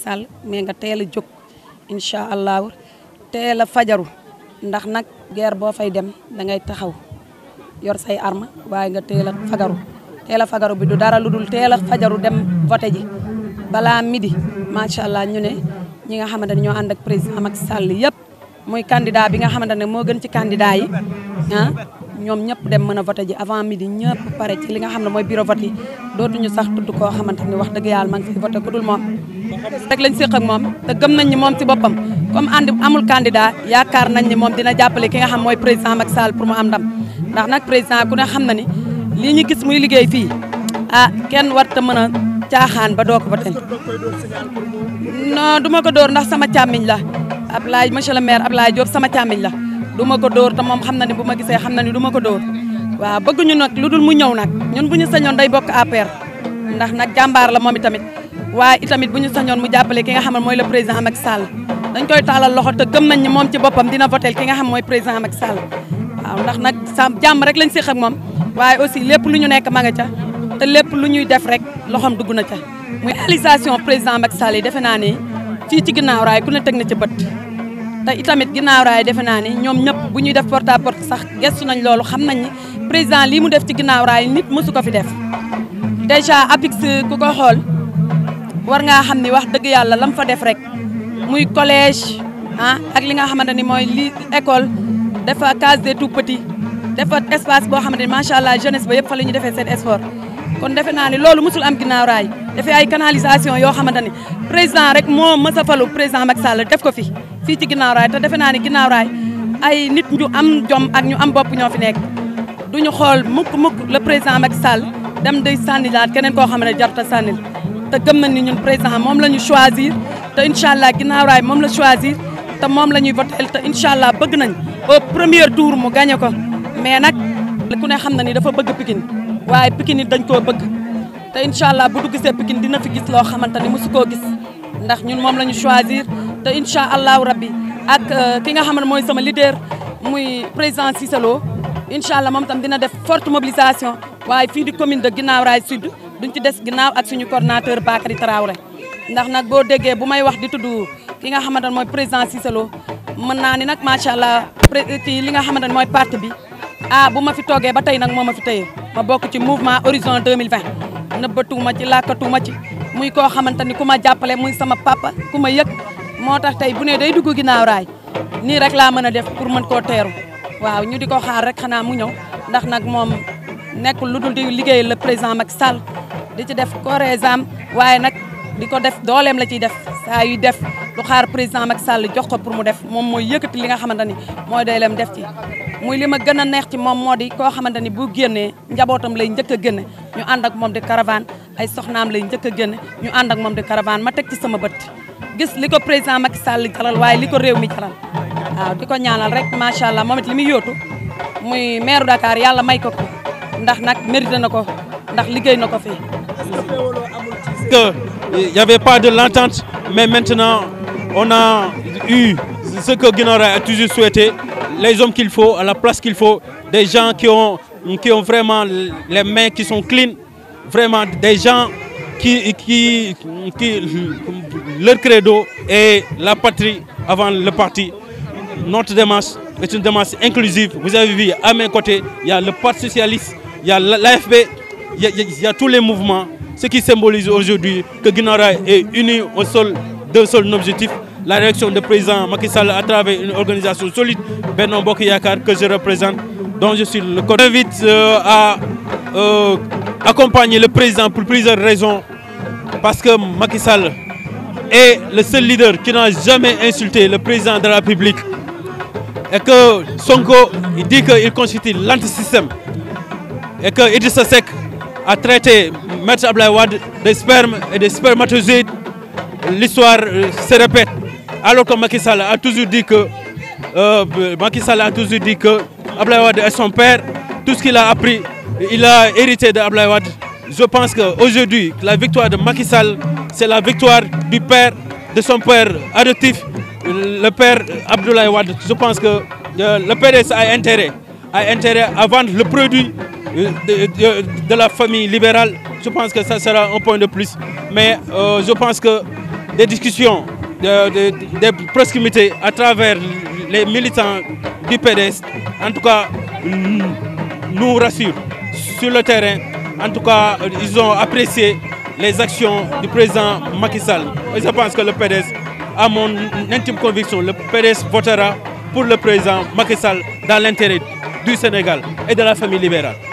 Sall mais nga teel a jóg incha allahu teel a fajaru ndax nag ger boo fay dem da ngay taxaw yor say arme waaye nga teel a fagaru teel fagaru bi du dara lu dul teel a fajaru dem voté ji balaa midi macha allah ñu ne ñi nga xamante ne ñoo ànd ak président Macky Sall yëpp muy candidat bi nga xamante moo gën ci candidat yi ah ñoom ñëpp dem mën a voté ji avant midi ñëpp pare ci li nga xam ne mooy bureau vote yi dootuñu sax tudd koo xamante ni wax dëgg yàlla man ngi fi voté ku dul moom rek lañ séq ak moom te gëm nañ ni moom ci boppam comme andi amul candidat yaakaar nañ ni moom dina jàppale ki nga xam mooy président mag saal pour mu am ndam ndax nag président ku ne xam na ni lii ñu gis muy liggéey fii ah kenn war ta mën a caaxaan ba doo ko voté non du ma ko door ndax sama càmmiñ la Ablaye monsieur le maire Ablaye Diop sama càmmiñ la du ma ko dóor te moom xam na ne bu ma gisee xam na ni du ma ko dóor waaw bëgg bëgguñu nag lu dul mu ñëw nag ñun bu ñu sañoon day bokk APR ndax nag jàmbaar la moom itamit waaye itamit bu ñu sañoon mu jàppale ki nga xam ne mooy le président Sall dañ koy taalal loxo te nañ ni moom ci boppam dina votel ki nga xam mooy président Macky Sall waaw ndax nag sa jàmm rek lañ séq ak moom waaye aussi lépp lu ñu nekk ma nga ca te lépp lu ñuy def rek loxoom dugg na ca muy réalisation président Macky Sall yi defe naa ne fii ci ginnaaw raay ku ne teg na ca bët te itamit ginnaaw raay defe naa ne ñoom ñëpp bu ñuy def porte à porte sax gestu nañ loolu xam nañ président lii mu def ci ginnaaw raay nit mësu ko fi def. dèjà APIX ku ko xool war ngaa xam ni wax dëgg yàlla lam fa def rek muy collège ah ak li nga xamante ni mooy li école dafa case des tout petits dafa espace boo xamante ni macha allah jeunes ba yëpp fa la ñu defee seen sport. kon defe naa ne loolu musul am ginnaaw raay dafee ay canalisation yoo xamante ni président rek moo mës a falu président Macky Sall def ko fi fii ci ginnaaw te defe naa ni ginnaaw ay nit ñu am jom ak ñu am bopp ñoo fi nekk ñu xool mukk mukk le président Macky Sall dem day sànnilaat keneen koo xam ne jarta sànnil te gëm nañ ni ñun président moom la ñu choisir te incha allah ginnaaw raay moom la choisir te moom la ñuy votel te incha allah bëgg nañ au premier tour mu gagné ko mais nag ku ne xam na ni dafa bëgg Pikine waaye Pikine dañ koo bëgg te incha allah bu du gisee Pikine dina fi gis loo xamante ni mosu koo gis ndax ñun moom la ñu choisir te incha allahu rabbi ak euh, ki nga xam ne mooy sama leader muy président Cissé Lo incha allah moom tam dina def forte mobilisation waaye fii di commune de Guinaw Rail Sud duñ ci des ginnaaw ak suñu coordonnateur Bakary Traoré ndax nag boo déggee bu may wax di tudd ki nga xamante ne mooy président Cissé Lo mën naa ni nag macha allah ci li nga xamante ne mooy parti bi ah bu ma fi toogee ba tey nag moom ma fi tey ma bokk ci mouvement horizon 2020 nëbbatuuma ci làkkatuuma ci muy koo xamante ni ku ma jàppale muy sama papa ku ma yëg moo tax tey bu ne day dugg ginnaaw raay nii rek laa mën a def pour mën koo teeru waaw ñu di ko xaar rek xanaa mu ñëw ndax nag moom nekkul lu dul di liggéey la président Macky Sall di ci def corésam waaye nag di ko def dooleem la ciy def saa yu def lu xaar président Macky Sall jox ko pour mu def moom mooy yëkkati li nga xamante ni mooy lem def ci muy li ma gën a neex ci moom moo di koo xamante ni bu génnee njabootam lay njëkk a génne ñu ànd ak moom di caravane ay soxnaam lay njëkk a ñu ànd ak moom di caravane ma teg ci sama bët gis li ko président Macky Sall jaral waaye li ko réew mi jaral waaw di ko ñaanal rek macha allah moom it li muy yóotu muy maire Dakar yàlla may ko ko ndax nag mérité na ko ndax liggéey na ko fi. que il y avait pas de l'entente mais maintenant on a eu ce que Guinaw Rail a toujours souhaité les hommes qu'il faut à la place qu'il faut des gens qui ont vraiment les mains qui sont clean vraiment des gens qui qui qui leur credo est la patrie avant le parti. Notre démarche est une démarche inclusive. Vous avez a le Parti Socialiste, il y a l'AFP, il, il, y a tous les mouvements. Ce qui symbolise aujourd'hui que Guinara est uni au sol d'un seul objectif, la réaction de président Macky Sall à travers une organisation solide, Benon Bokiyakar, que je représente, dont je suis le côté. J'invite euh, à euh, accompagner le président pour plusieurs raisons. Parce que Macky Sall est le seul leader qui n'a jamais insulté le président de la République et que Sonko il dit qu'il constitue l'antisystème et que Idrissa a traité Maître Abdoulaye Wade de sperme et de spermatozoïdes, l'histoire euh, se répète. Alors que Macky a toujours dit que euh, Macky Sall a toujours dit que Abdoulaye Wade est son père. Tout ce qu'il a appris, il a hérité de Abdoulaye Wade. Je pense que qu'aujourd'hui, la victoire de Macky c'est la victoire du père, de son père adoptif, le père Abdoulaye Wade. Je pense que euh, le PDS a intérêt, a intérêt le produit euh, de, la famille libérale. Je pense que ça sera un point de plus. Mais euh, je pense que des discussions, des de, proximités à travers les militants du PDS, en tout cas, nous rassurent sur le terrain. En tout cas, ils ont apprécié les actions du président Macky Sall. Et je pense que le PDS, à mon intime conviction, le PDS votera pour le président Macky Sall dans l'intérêt du Sénégal et de la famille libérale.